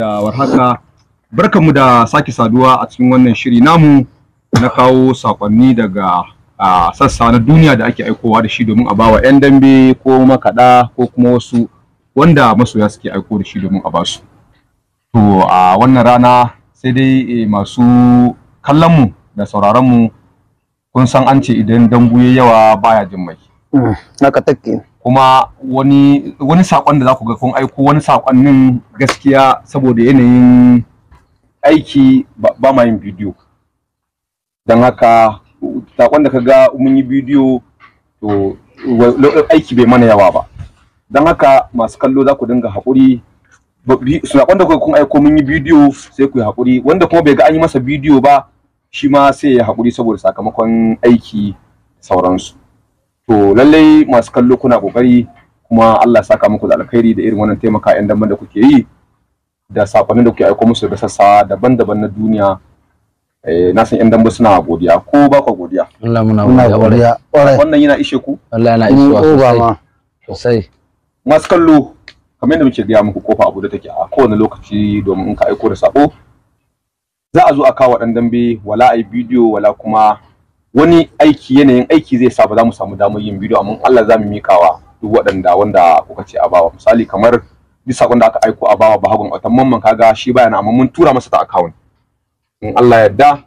da warhaka barkanmu da sake saduwa a cikin wannan shiri namu na kawo sakonni daga sassa na duniya da ake aikowa da shi domin a bawa 'yan dambe ko makaɗa ko kuma wasu wanda masoya suke aiko da shi domin a basu to a wannan rana sai dai eh, masu kallonmu da sauraronmu kun san an ce idan dambu ya yawa baya jin mai na mm, take kuma wani wani sakon da za ku ga kun aiko wani sakonnin gaskiya saboda yanayin aiki ba ma yin bidiyo don haka sakon da ka ga mun yi bidiyo to aiki bai mana yawa ba don haka masu kallo za ku dinga haƙuri sakon da kuka kun aiko mun yi bidiyo sai ku yi haƙuri wanda kuma bai ga an yi masa bidiyo ba shi ma sai ya haƙuri saboda sakamakon aiki sauransu to lallai masu kallo kuna kokari kuma Allah saka muku da alkhairi da irin wannan taimaka yan damban da kuke yi da sakonin da kuke aiko musu da sassa daban-daban na duniya eh, na san yan dambe suna godiya ko ba ku godiya Allah muna godiya wannan yana ishe ku Allah yana ishe ku ba ma sosai masu kallo kamar yadda muke gaya muku kofa abu da take a kowane lokaci domin in ka aiko da sako za a zo a kawo dan dambe wala ai bidiyo wala kuma wani aiki yanayin aiki zai sa ba za mu samu damar yin bidiyo amma Allah za mu mikawa duk waɗanda wanda kuka ce a bawa misali kamar duk sakon da aka aiko a bawa ba hagun wata mamman kaga shi bayana amma mun tura masa ta account in Allah yadda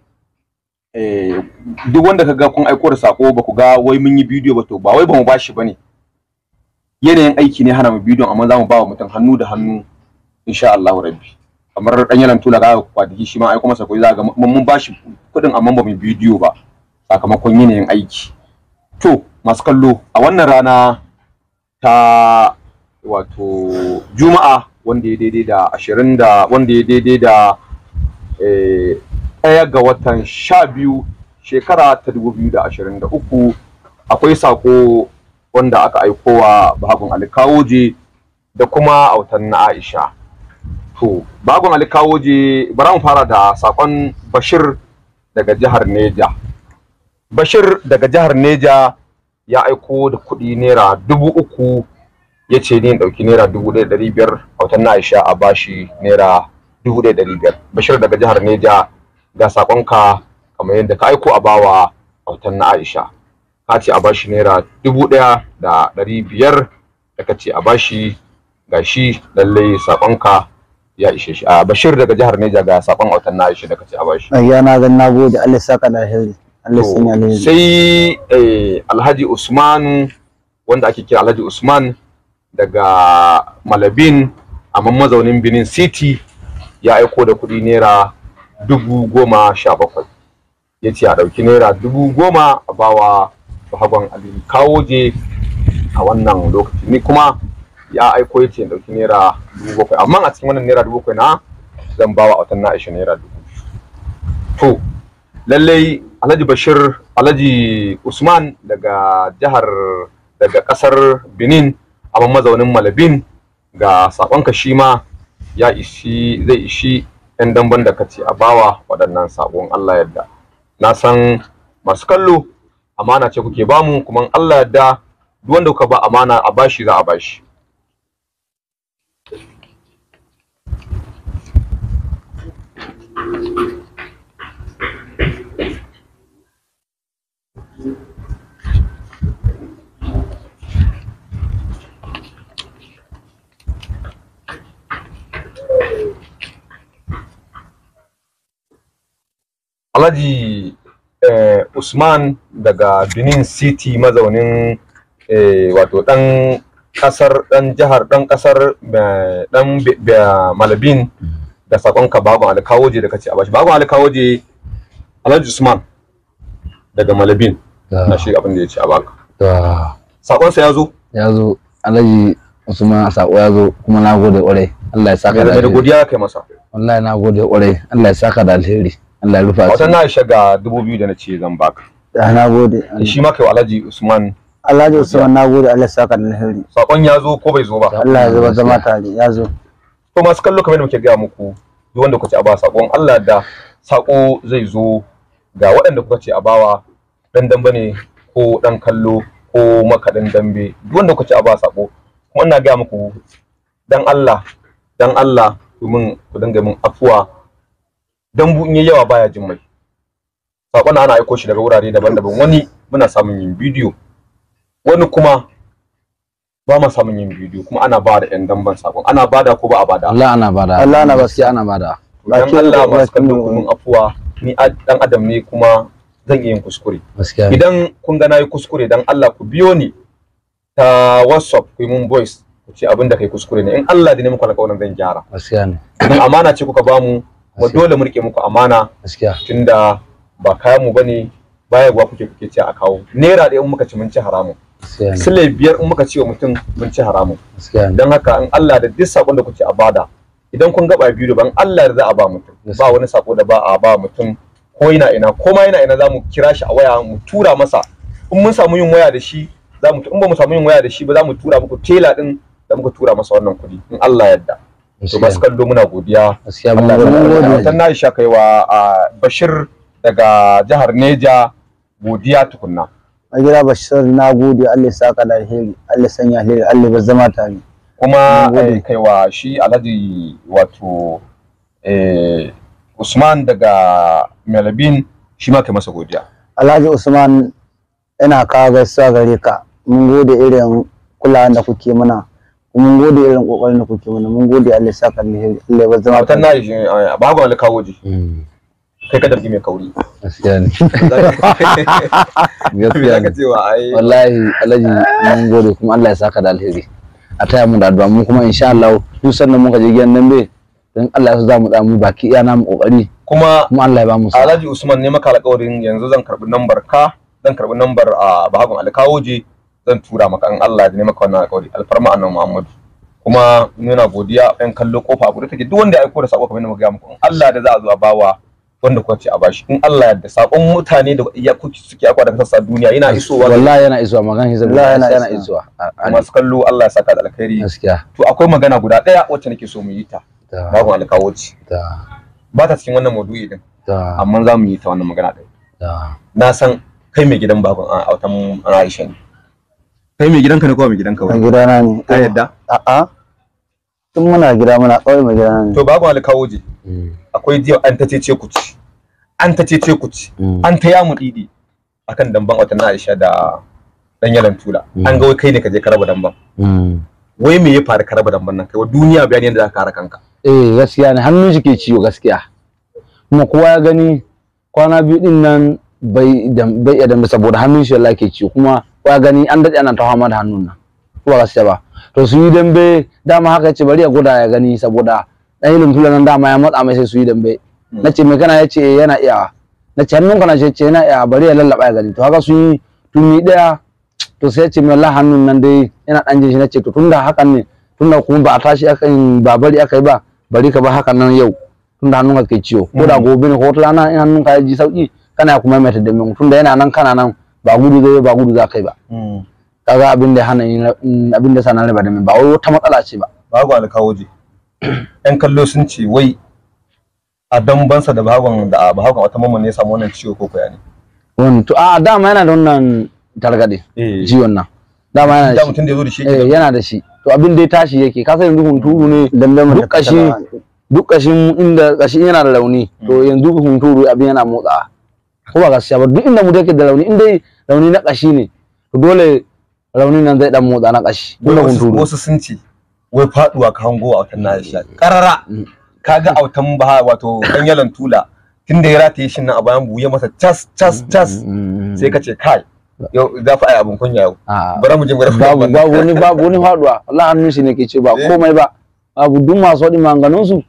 eh duk wanda kaga kun aiko da sako ba ku ga wai mun yi bidiyo ba to ba wai ba mu bashi bane yanayin aiki ne hana mu bidiyo amma za mu bawa mutum hannu da hannu insha Allah rabbi kamar ɗan yalan tula ga kwadiki shi ma aiko masa kuɗi za ga mun bashi kuɗin amma ba mu bidiyo ba sakamakon yanayin aiki to masu kallo a wannan rana ta wato juma'a wanda ya daidai da ashirin da wanda ya daidai da eh, ɗaya ga watan sha biyu shekara ta dubu biyu da ashirin da uku akwai sako wanda aka aikowa babun alkawoje da kuma autan na aisha to babun alkawoje bara mu fara da sakon bashir daga jihar neja bashir daga jihar neja ya aiko da kuɗi naira dubu uku ya ce ni ɗauki naira dubu ɗaya ɗari biyar autan na aisha a bashi naira dubu ɗaya ɗari biyar bashir daga jihar neja ga saƙonka kamar yadda ka aiko a bawa autan na aisha ka ce a bashi naira dubu ɗaya da ɗari biyar da ka ce a bashi ga shi lallai saƙonka ya ishe shi a bashir daga jihar neja ga saƙon autan na aisha da ka ce a bashi. ayya na gan na gode allah saka alheri. sai eh, alhaji Usman, wanda ake kira alhaji usman daga malabin amma mazaunin benin city ya aiko da kuɗi naira dubu goma sha bakwai ya ce a ɗauki naira dubu goma a bawa bahagon aliyu kawo je a wannan lokaci ni kuma ya aiko ya ce ɗauki naira dubu bakwai amma a cikin wannan naira dubu bakwai na zan bawa a watan na aisha naira dubu to lallai alhaji bashir alhaji usman daga jihar daga kasar benin abin mazaunin malabin ga sakonka shi ma ya ishi zai ishi yan damban da kace a bawa waɗannan sakon Allah yadda na san masu kallo amana ce kuke bamu kuma Allah yadda duk wanda kuka ba amana a bashi za a bashi alhaji eh, usman daga benin city mazaunin eh, wato dan kasar dan jihar dan kasar dan eh, malabin da saƙonka babu alkawoje da kace a bashi babu alkawoje alhaji usman daga malabin ah. na shi abin da ya ce a baka ah. sakonsa ya zo ya zo alhaji usman sako ya zo kuma na gode kwarai Allah ya saka da alheri godiya kai masa wallahi na gode kwarai Allah ya saka da alheri Allah rufa asiri wata na shiga dubu biyu da na ce zan baka ah, na gode shi ma kai Alhaji Usman Alhaji Usman na gode Allah saka da alheri sakon ya zo ko bai zo ba Allah ya ba zama tare ya zo to masu kallo kamar da muke gaya muku duk wanda kuka ce a ba sakon Allah da sako zai zo ga waɗanda kuka ce a bawa dan dambe ne ko dan kallo ko makaɗin dambe duk wanda kuka ce a ba sako kuma ina gaya muku dan Allah dan Allah domin ku dinga min afuwa dambu in yi yawa baya jin mai sakon ana aiko shi daga wurare daban-daban wani muna samun yin bidiyo wani kuma ba ma samun yin bidiyo kuma ana ba da yan damban sakon ana bada ko ba a bada Allah ana bada Allah ana gaskiya ana bada dan Allah ba su kallon kun afuwa ni dan adam ne kuma zan iya yin kuskure idan kun ga nayi kuskure dan Allah ku biyo ni ta WhatsApp ku mun voice ku ce abin da kai kuskure ne in Allah da ne muku alƙawarin zan gyara gaskiya ne amana ce kuka ba mu kuma dole mu rike muku amana gaskiya tunda ba kayan mu bane baya gwa kuke kuke ce a kawo Nera ɗaya in muka ci mun ci haramun sile biyar in muka ci wa mutum mun ci haramun don haka in Allah da duk sakon da kuke a bada idan kun gaba biyu ban Allah da za a ba mutum ba wani sako da ba a ba mutum ko ina ina ko ma ina ina za mu kira shi a waya mu tura masa in mun samu yin waya da shi za mu in ba mu samu yin waya da shi ba za mu tura muku tela din da muka tura masa wannan kuɗi in Allah yadda to masu kallo muna godiya ta na isha kaiwa a bashir daga jihar neja godiya tukunna a gida bashir na gode allah saka da alheri allah sanya alheri allah ba zama tare kuma eh, kaiwa shi alhaji wato eh, usman daga melabin shi ma kai masa godiya alhaji usman ina kawo gaisuwa gare ka mun gode irin kulawa da kuke muna mun gode irin kokarin da kuke mana mun gode Allah ya saka alheri Allah ya bar zama ta na shi eh, ba ga wani kawo ji mm. kai ka tafi mai kauri gaskiya ne gaskiya ne wallahi alaji mun gode kuma Allah ya saka da alheri a taya mu da addu'a mu kuma insha Allah duk sannan muka je gidan nan be dan Allah ya za mu da mu baki iya mu kokari kuma mu Allah ya ba mu sa Alhaji Usman ne maka alƙawarin yanzu zan karbi number ka zan karbi number a ah, bahagon alkawoje zan tura maka an Allah da ne maka wannan alƙawari alfarma annabi Muhammadu kuma nuna godiya ɗan kallo kofa a take duk wanda ya aiko da sako kamar yadda muka ga muku in Allah da za a zo a bawa wanda kuka ce a bashi in Allah yadda sakon mutane da iya kuki suke akwa da sassa, duniya yana isowa wallahi yana isowa magana hizab wallahi yana isowa masu kallo Allah ya saka da alkhairi gaskiya to akwai magana guda daya wacce nake so mu yi ta ba ku alkawo Da. ba ta cikin wannan maudu'i din amma za mu yi ta wannan magana ɗaya na san kai mai gidan babu a autan Aisha kai mai gidanka ne ko mai gidanka ba gidana ne ka yadda a'a tun muna gida muna kawai mai gidana ne to babu alkawo je mm. akwai jiya an ta cece ku ci an ta cece ku ci mm. an ta yamu didi akan damban watan Aisha da dan yalan tula mm. an ga wai kai ne ka je ka raba damban wai me ya faru karaba damban nan kai wa duniya bayani yadda zaka kare kanka eh gaskiya ne hannun shi ke ciwo gaskiya kuma kowa ya gani kwana biyu din nan bai bai da saboda hannun shi Allah ke ciwo kuma ya gani an dade ana tawa mata hannun nan ko ba su ba to su yi dambe dama haka yace bari ya guda ya gani saboda dan ilin tula nan dama ya matsa mai sai su yi dambe hmm. na ce mai kana yace eh yana iya na ce hannun kana ce yana iya bari ya lallaba ya gani to haka su yi tuni ɗaya to sai ce mai wallahi hannun nan dai yana ɗan jin shi na ce to tunda hakan ne tunda kuma ba a tashi akan ba bari aka yi ba bari ka ba hakan nan yau tunda hannun ka ke ciwo ko da hmm. gobe ne ko wata rana in hannun ka ji sauki kana kuma mai ta dambe tunda yana nan kana nan ba gudu zai ba gudu za kai ba hmm. kaga abin da hana hmm, abin da sanar ba da min ba wai wata matsala ce ba bago alkawoje yan kallo sun ce wai a dambansa da bagon da bagon wata mamman ne samu wannan ciwo ko koya ne wannan to a dama yana da wannan targade ciwon eh. nan dama yana da mutum da yazo da shi eh, yana da shi to abin da ya tashi yake ka sani duhun turu ne dambe duk kashi duk kashin inda kashi yana da launi to hmm. yanzu hunturu abin yana motsa ko ba gaskiya ba duk inda mutum yake da launi in dai rauni na ƙashi ne to dole raunin nan zai dan motsa na ƙashi dole hunturu wasu sun ce wai faduwa ka hango a wutan shi karara mm. mm. kaga autan ba wato dan yalan tula tunda ya rataye shin nan a bayan buye masa tas tas tas sai ka ce kai yau za fa ai abun kunya yau ah. bara mu je mu rafa babu babu wani babu wani faduwa Allah hannun shi ne ke ce ba eh. komai ba abu duk masu wadi manganun su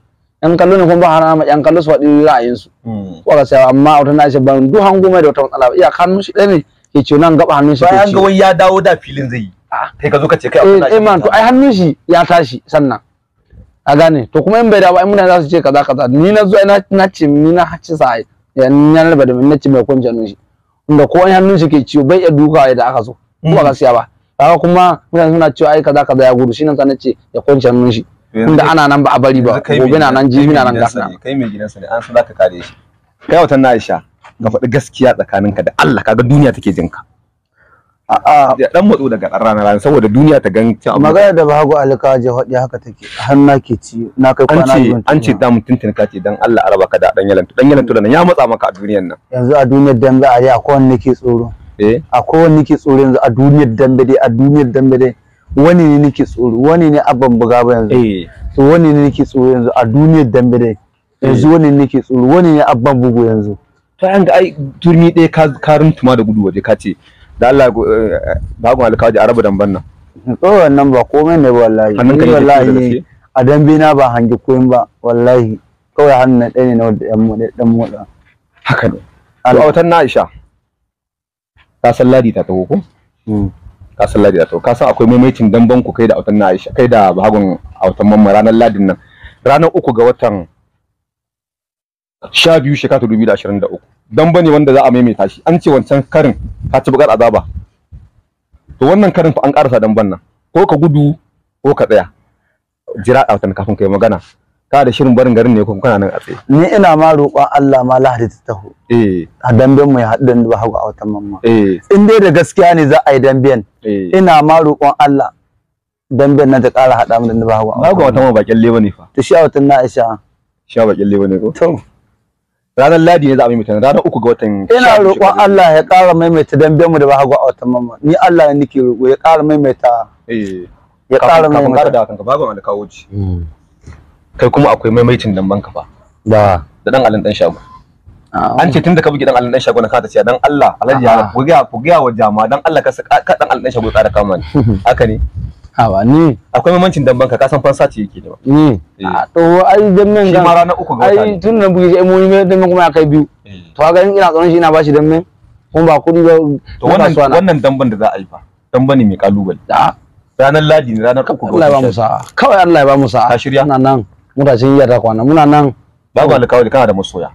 yan kallo ne kuma ba harama yan kallo su wadi ra'ayin su hmm. ko ga sai amma autan shi ban duk hango mai da wata matsala ba iya hannun shi ɗaya ne ke ciwo nan gaba hannun shi bayan ga wani ya dawo da filin zai yi ah. kai ka zo ka ce kai abin da shi eh, eh, to ai hannun shi ya tashi sannan a gane to kuma in bai dawo ai muna za su ce kaza kaza ni na zo na ce ni na hace sa ai ya na ba da na ce mai kun janun shi inda ko wani hannun shi ke ciwo bai ya duka da aka so ko ba gaskiya hmm. ba haka kuma mutane suna cewa ai kaza kaza ya gudu shi nan na ce ya kun janun shi inda ana nan ba a bari ba gobe na nan jibi na nan gasa kai mai gidansa ne an sanaka kare shi kai wata na Aisha ga faɗi gaskiya tsakaninka da Allah kaga duniya take jin ka. a'a dan matsu daga dan rana rana saboda duniya ta gan magana da bahago alkaji hadi haka take har na ke ci na kai kwana an ce an ce da mutun tin ce dan Allah araba ka da dan yalantu dan yalantu da nan ya matsa maka a duniyar nan yanzu a duniyar dan za a yi akwai wanda nake tsoro eh akwai wanda nake tsoro yanzu a duniyar dambe dai a duniyar dambe dai wani ne nake tsoro wani ne abban buga ba yanzu eh to wani ne nake tsoro yanzu a duniyar dambe dai eh. yanzu wani ne nake tsoro wani ne abban bugu yanzu ta yan ai turmi ɗaya ka karin tuma da gudu waje ka ce da Allah eh, bagon alkawaji araba dan banna to wannan ba komai ne wallahi ni wallahi a dambe na ba hangi koyin ba wallahi kawai hannu ɗaya ne na wanda ɗan da haka ne a watan na Aisha ka san ladi ta tawo ko hmm. ka san ladi ta taho ka san akwai maimaitin damban ku kai da autan na Aisha kai da bagon autan mamma ranar ladin nan ranar uku ga watan sha biyu shekara ta dubu da ashirin da uku dan bane wanda za a maimaita shi an ce wancan karin ka ci bukar azaba to wannan karin fa an karasa dan nan. ko ka gudu ko ka tsaya jira ɗautan kafin kai magana ka da shirin barin garin ne ko kana nan a tsaye ni ina ma roƙon Allah ma lahadi ta taho eh a dambe mu ya haɗu da ba hagu a watan mamma eh in dai da gaskiya ne za a yi damben eh. ina ma roƙon Allah dambiyan na ta ƙara haɗa mu da ba hagu a watan mamma ba kyalle bane fa to shi a watan na Aisha sha ba kyalle bane ko to ranar ladi ne za a maimaita ranar uku ga watan ina roƙon Allah ya ƙara maimaita dambe mu da ba hagu a watan mamma ni Allah ne nake roƙo ya ƙara maimaita eh, ya ƙara maimaita da kanka babu wanda kawo ci hmm. kai kuma akwai maimaitin damban banka fa da da dan alin dan shago ah. an ce tun da ka bugi dan alin dan shago na ka ta ce dan Allah alhaji ya ah. ku ga ku ga wa jama'a dan Allah ka dan alin dan shago ka da kama ni haka ne Awa ni. Akwai mamancin damban ka kasan fansa ce yake ne. Ni. Eh. to ai damben ga. Shi ma ranar uku ga Ai tun na buge shi mu ne damben kuma ya kai biyu. Eh. To ga ina tsaron shi ina bashi damben kuma ba kuɗi ba. To wannan wannan damban da za a yi fa. Damban ne mai kalubale. Da. Ranar Ladi ne ranar uku ga Allah ba mu sa'a. Kawai Allah ya ba mu sa'a. Ka shirya? Muna nan. Muna cikin yarda kwana. Muna nan. Babu alƙawari kana da masoya.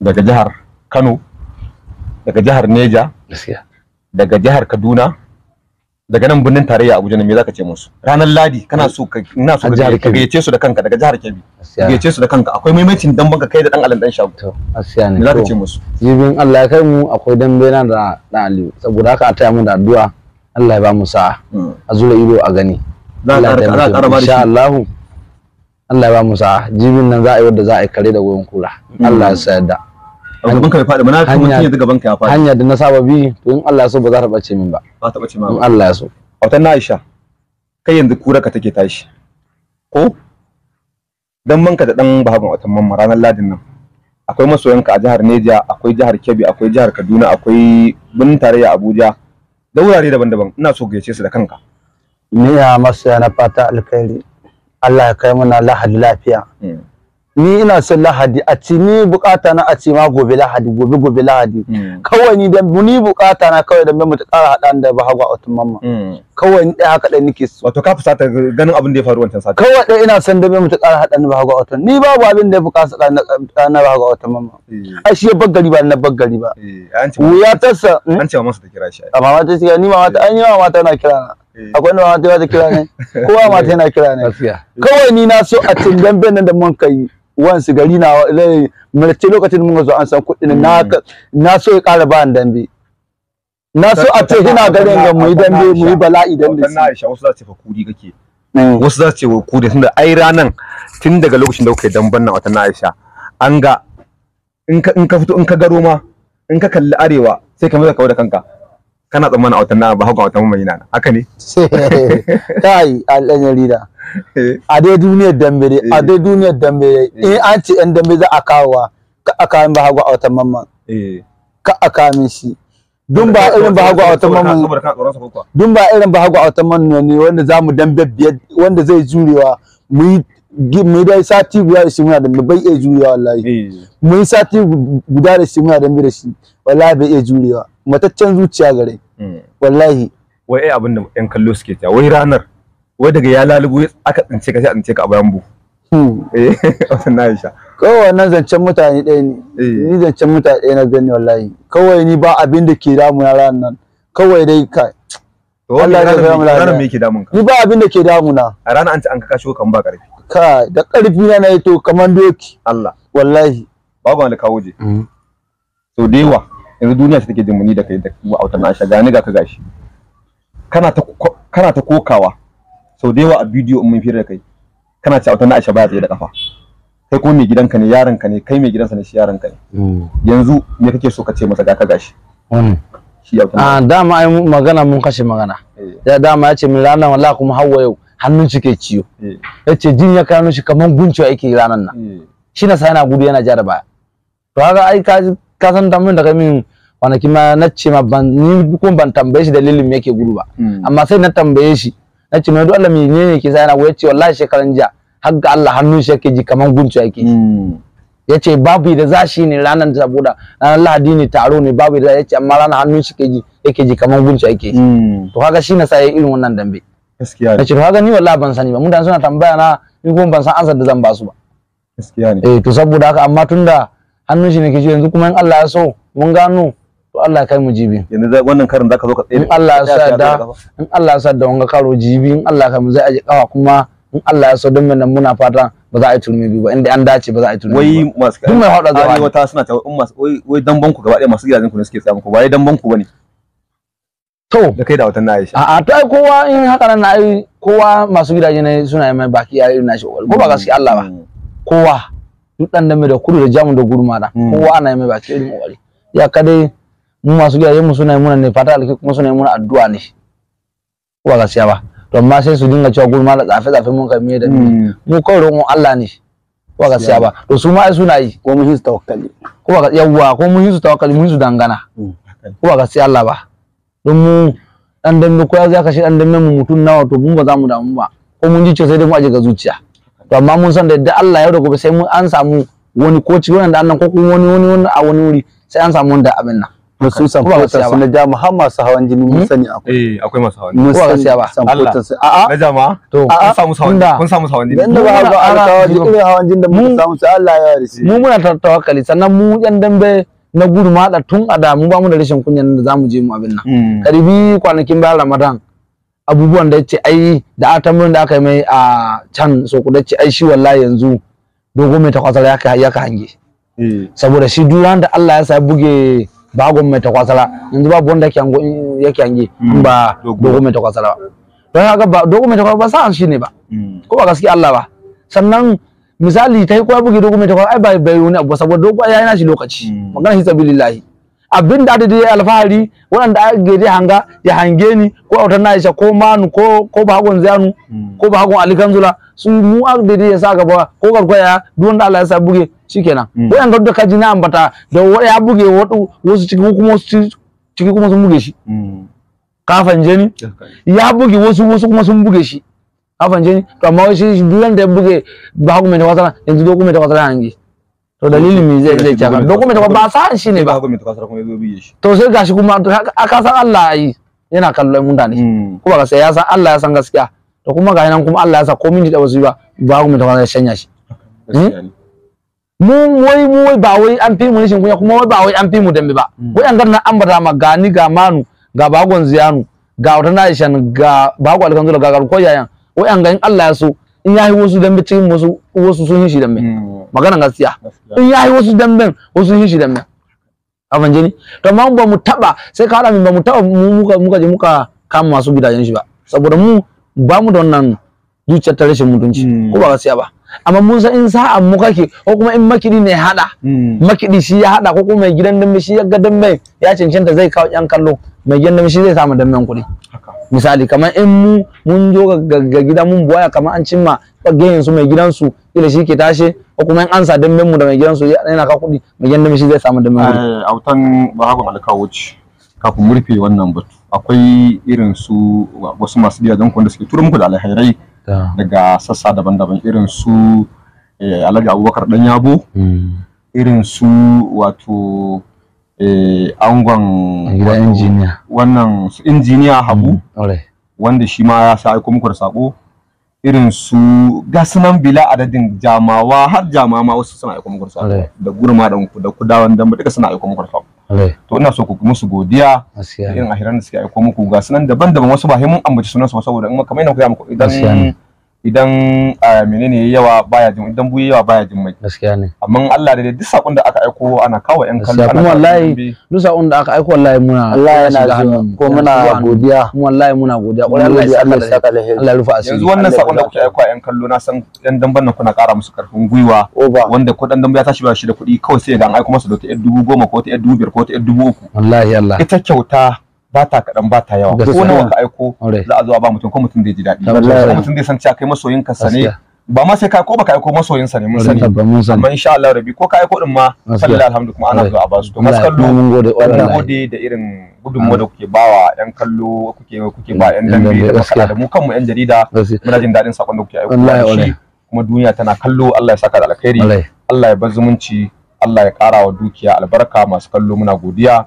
Daga jihar Kano. Daga jihar Neja. Daga jihar Kaduna. daga nan birnin tarayya Abuja ne me zaka ce musu ranar Ladi kana so ka ina so ka gayyace su da kanka daga jihar Kebbi gayyace su da kanka akwai maimacin dan banka kai da dan Alan dan Shago to asiya ne me zaka ce musu jibin Allah ya kai mu akwai dan bena da dan Aliyu saboda haka a taya mu da addu'a Allah ya ba mu sa'a hmm. a zura ido a gani ya insha Allah Allah ya ba mu sa'a jibin nan za a yi wanda za a yi kare da goyon kula. Hmm. Allah ya sa yadda a banka ka bai faɗi ba na kuma tun yanzu gaban ka ya faɗi hanya da na saba bi to in Allah ya so ba za ta bace min ba ba ta bace ma in Allah ya so autan na Aisha kai yanzu kura ka take tashi ko dan manka da dan bahagun autan mamma ranar ladin nan akwai masoyanka a jihar Neja akwai jihar Kebbi akwai jihar Kaduna akwai birnin tarayya Abuja da wurare daban-daban ina so gaice su da kanka ni ya masoya na fata alkhairi Allah ya kai muna lahadi lafiya hmm. ni ina son lahadi a ci ni bukata na a ci ma gobe lahadi gobe gobe lahadi mm. kawai ni dan ni bukata na kawai dan mai ta hada da bahagwa Ottoman mamma mm. kawai ni dai haka dai nake so wato ka fusata ganin abin da ya faru wancan sati kawai dai ina son dan mai ta hada da bahagwa Ottoman ni babu abin da ya bukata na na bahagwa Ottoman mamma eh. ai shi baggari ba na baggari ba wuya eh, tassa an ce hmm? su ta kira shi amma mata ta ni mama ta an yi mama ta na kira eh. akwai wani mata ta kira ne kowa ta yana kira ne kawai ni na so a cin dambe nan da mun kai wansu gari na mace lokacin mun zo an san kuɗin na hmm. na so ya ƙara ba dambe na so a ce ina garin ga mu yi dambe mu yi bala'i dambe na Aisha wasu za su fa kudi kake hmm. wasu za su ce wa kudi tunda ai ranan tun daga lokacin da kuke damban nan wata na Aisha an ga in ka in ka fito in ka garo ma in ka kalli arewa sai ka mai kawo da kanka kana tsammanin a wata na ba hauka wata mai yana haka ne kai al'anyari da Eh. a dai duniyar dambe a dai eh. duniyar dambe in eh. an ce yan dambe za a kawowa ka a kayan ba hagu a wata mamman ka a kamin shi dun ba irin ba hagu a wata mamman dun ba irin ba hagu a wata mamman ne wanda za mu dambe biyar wanda zai jurewa mu yi mu dai sati guda da shi muna dambe bai iya jurewa wallahi mu yi sati guda da shi muna dambe da shi wallahi bai iya jurewa mataccen zuciya gare hmm. wallahi wai ai abin da yan kallo suke ta wai ranar wai daga ya lalubu aka tsince ka sai a tsince ka a bayan bu hmm. eh na Aisha kawai nan zancen mutane ɗaya ne eh. ni zancen mutane ɗaya na gani wallahi kawai ni ba abin da ke damu na ran nan kawai dai ka Wallahi ya ga mu lafiya me yake damun ka ni ba abin da ke damu na a ranar an ci an ka kashe kan ba karfi ka da karfi na na to kaman doki Allah wallahi babu wani kawo hmm. je to da yawa yanzu duniya take jin muni da kai da na Aisha ni ga ka gashi kana ta kana ta kokawa sau da yawa a bidiyo in mun fira da kai kana ci na Aisha baya tsaye da kafa kai ko mai gidanka ne yaronka ne kai mai gidansa ne shi yaronka ne hmm. yanzu me kake so ka ce masa ga ka gashi hmm. a ah, dama ai magana mun kashe magana eh. ya dama ya ce min ranar wallahi kuma hawa yau hannun shi ke ciyo eh. ya ce jin ya kano shi kamar guncewa yake ranar nan eh. shi na sai yana gudu yana ja da baya to haka ai ka san damin da kai min kwanaki ma na ce ma ban ni kuma ban tambaye shi dalilin me yake gudu ba hmm. amma sai na tambaye shi na ce mai duk Allah menene ke sa yana ya ce wallahi shekaran jiya har ga Allah hannun shi yake ji kaman guncu yake hmm. ya ce babu da za shi ne ranar saboda ranar lahadi ne taro ne babu da ya ce amma ranar hannun shi yake ji yake ji kaman guncu yake hmm. to kaga shi na sa ya irin wannan dambe gaskiya ne to kaga ni wallahi ban sani ba mutane suna tambaya na ni kuma ban san ansar da zan ba su ba gaskiya ne eh to saboda haka amma tunda hannun shi ne ke ji yanzu kuma in Allah ya so mun gano to Allah kai mu jibi yanzu wannan karin zaka zo ka tsaye in Allah ya sa da in Allah ya sa wanga karo jibi in Allah kai mu zai aje kawa kuma in Allah ya so don nan muna fata ba za a yi turmi biyu ba inda an dace ba za a yi turmi wai masu duk mai hada zai wata suna ta umma wai wai damban ku gaba ɗaya masu gidajen ku ne suke samu ku ba wai damban ku bane to da kai da watan na Aisha a'a to ai kowa in haka nan na ai kowa masu gidaje ne suna yi mai baki yayi na shi ko ba mm. gaskiya Allah ba mm. kowa duk dan da mai da kudu da jamu da gurma mm. kowa ana yi mai baki irin kokari ya kadai mu masu gidajen mu suna muna ne fata alƙi kuma suna muna addu'a ne ko gaskiya ba to amma sai su dinga cewa gulma da tsafe tsafe mun kai me da ni mm. mu kawai roƙon Allah ne ko gaskiya ba to su ma suna yi ko mun yi su tawakkali ko ga yawa ko mun yi su tawakkali mun yi su dangana mm. ko ba gaskiya Allah ba don mu dan dambe ko ya kashe dan dambe mu mutun nawa to mun ba za mu damu ba ko mun ji ce sai dai mu aje ga zuciya to amma mun san da yadda Allah ya gobe sai mun an samu wani koci wannan da annan ko kuma wani wani wani a wani wuri sai an samu wanda abin nan Nususan fotar su na jama har masu hawan jini mun hmm? sani akwai. Eh akwai masu hawan jini. Mun sani ba. Allah. Na jama. To kun samu hawan jini. Kun samu hawan jini. Dan da ba ga ana jini irin hawan jini da mun samu sai Allah ya yarda. Mu muna tawakkali sannan mu yan dambe na gudu da tun a da mu ba mu da rashin kunya da zamu je mu abin nan. Karibi hmm. kwanakin bayan Ramadan abubuwan da yace ai da atamurin da aka yi mai a can so ku dace ai shi wallahi yanzu dogo mai takwasar ya ka hange. Eh. Saboda shi duk wanda Allah ya sa buge bago mmetoka sala yanzu babu wanda yake ango yake ange ba mm. dogo mmetoka sala don haka ba dogo mmetoka ba an shine ba mm. ko ba gaskiya Allah ba sannan misali tai kwa bugi dogo mmetoka ai ba bai wani abu saboda dogo ya yana shi lokaci mm. magana hisabilillahi abin da da ya alfahari waɗanda aka gaje hanga ya hange ni ko autan na isa, ko manu ko ko zanu hmm. ko bahagon alikanzula su mu aka da ya sa gaba ko gargwaya duk wanda Allah ya sa buge shikenan hmm. waɗanda da kaji na ambata da ya buge wasu ciki kuma wasu ciki kuma sun buge shi hmm. kafan jeni ya buge wasu wasu kuma sun buge shi kafan jeni to amma shi duk wanda ya buge bahagon mai tawasala yanzu dokumenta tawasala hange to dalilin me zai zai kyaka don kuma ba sa'an shi ne ba to sai gashi kuma to aka san Allah yi yana kallon mutane hmm. kuma ka sai ya san Allah ya san gaskiya to kuma ga nan kuma Allah ya sa komai da wasu ba ba kuma ta wani shanya shi hmm? mu wai mu wai ba wai an fi mu nishin kunya kuma wai ba wai an fi mu dambe ba hmm. wai an garna an bada ma gani ga manu ga bagon ziyanu ga wata na ishan ga bago alkanzula ga garko yayan wai an ga in Allah ya so in ya yi wasu dambe cikin wasu wasu sun yi shi dambe maganan gaskiya in yayi wasu damben wasu shi shi damben abin jini to amma ba mu taba sai ka hada min ba mu taba muka muka je muka kama masu gidajen shi ba saboda mu ba mu da wannan zuciyar ta rashin mutunci hmm. ko ba gaskiya ba amma mun san in sa'a mu kake ko kuma in makidi ne hada hmm. makidi shi ya hada ko kuma mai gidan dambe shi ya ga dambe ya cancanta zai kawo yan kallo mai gidan dambe shi zai samu damben kuɗi haka misali kamar in mu mun zo ga gida mun buwaya kamar an cimma gayen su mai gidansu ila shi ke tashi ko kuma in an sa damben mu da mai su, yana ka kuɗi mai gidan shi zai samu damben kuɗi. Eh, autan ba haka malaka wuce kafin murfe wannan batu akwai irin su wasu masu gidajen ku da suke tura muku da alhairai daga sassa daban-daban irin su eh, alhaji abubakar dan yabo hmm. irin su wato Eh, angon engineer wannan injiniya habu mm, wanda shi ma ya sa aiko muku da sako irin su gasunan bila adadin jamawa har jamawa ma wasu suna aiko muku da sako da gurma da da kudawan dan duka suna aiko muku da sako to ina so ku musu godiya irin ahiran da suke aiko muku gasunan daban-daban wasu ba sai mun ambaci sunan su saboda in kamar ina ku ya muku idan idan a menene yawa baya jin idan buyi yawa baya jin mai gaskiya ne amma Allah da duk sakon da aka aiko ana kawo yan kallo ana wallahi duk sakon da aka aiko wallahi muna Allah yana ko muna godiya kuma wallahi muna godiya wallahi Allah ya saka alheri Allah ya rufa asiri yanzu wannan sakon da kuke aiko yan kallo na san yan damban nan kuna ƙara musu karfin gwiwa wanda ko dan damban ya tashi ba shi da kuɗi kawai sai ga an aiko masa da ta 10,000 ko ta 1,500 ko ta 1,300 wallahi Allah ita kyauta ba ta kaɗan ba ta yawa ko nawa ka aiko za a zo a ba mutum ko mutum zai ji daɗi mutum zai san cewa kai masoyin ka sane ba ma sai ka ko baka aiko masoyin sa ne mun sani amma insha Allah rabi ko ka aiko din ma sallallahu alhamdu kuma ana zuwa a ba su to masu kallo wannan gode da irin gudunmu da kuke bawa yan kallo kuke kuke ba yan dambe da kala da mu kanmu yan jarida muna jin daɗin sakon da kuke aiko kuma duniya tana kallo Allah ya saka da alkhairi Allah ya bar zumunci Allah ya ƙara wa dukiya albarka masu kallo muna godiya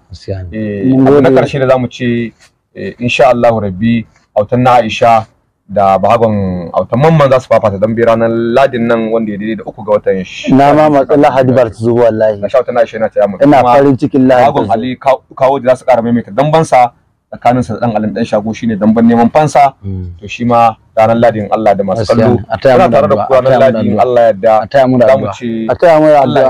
eh na ƙarshe da zamu ce eh, insha Allah rabbi autan na Aisha da bagon autan mamman za su fafata dan bi ranar ladin nan wanda ya daidai da uku ga watan shi na ma matsa lahadi bar su zuwa wallahi na shauta na Aisha na taya mutum ina farin cikin lahadi Bagon ali kawo da za su ƙara maimaita damban tsakanin sa dan alim dan shago shine damban neman fansa hmm. to shi ma ranar ladin Allah da masu kallo a tare da ku ranar ladin Allah yadda a taya mu da Allah. a taya mu da addu'a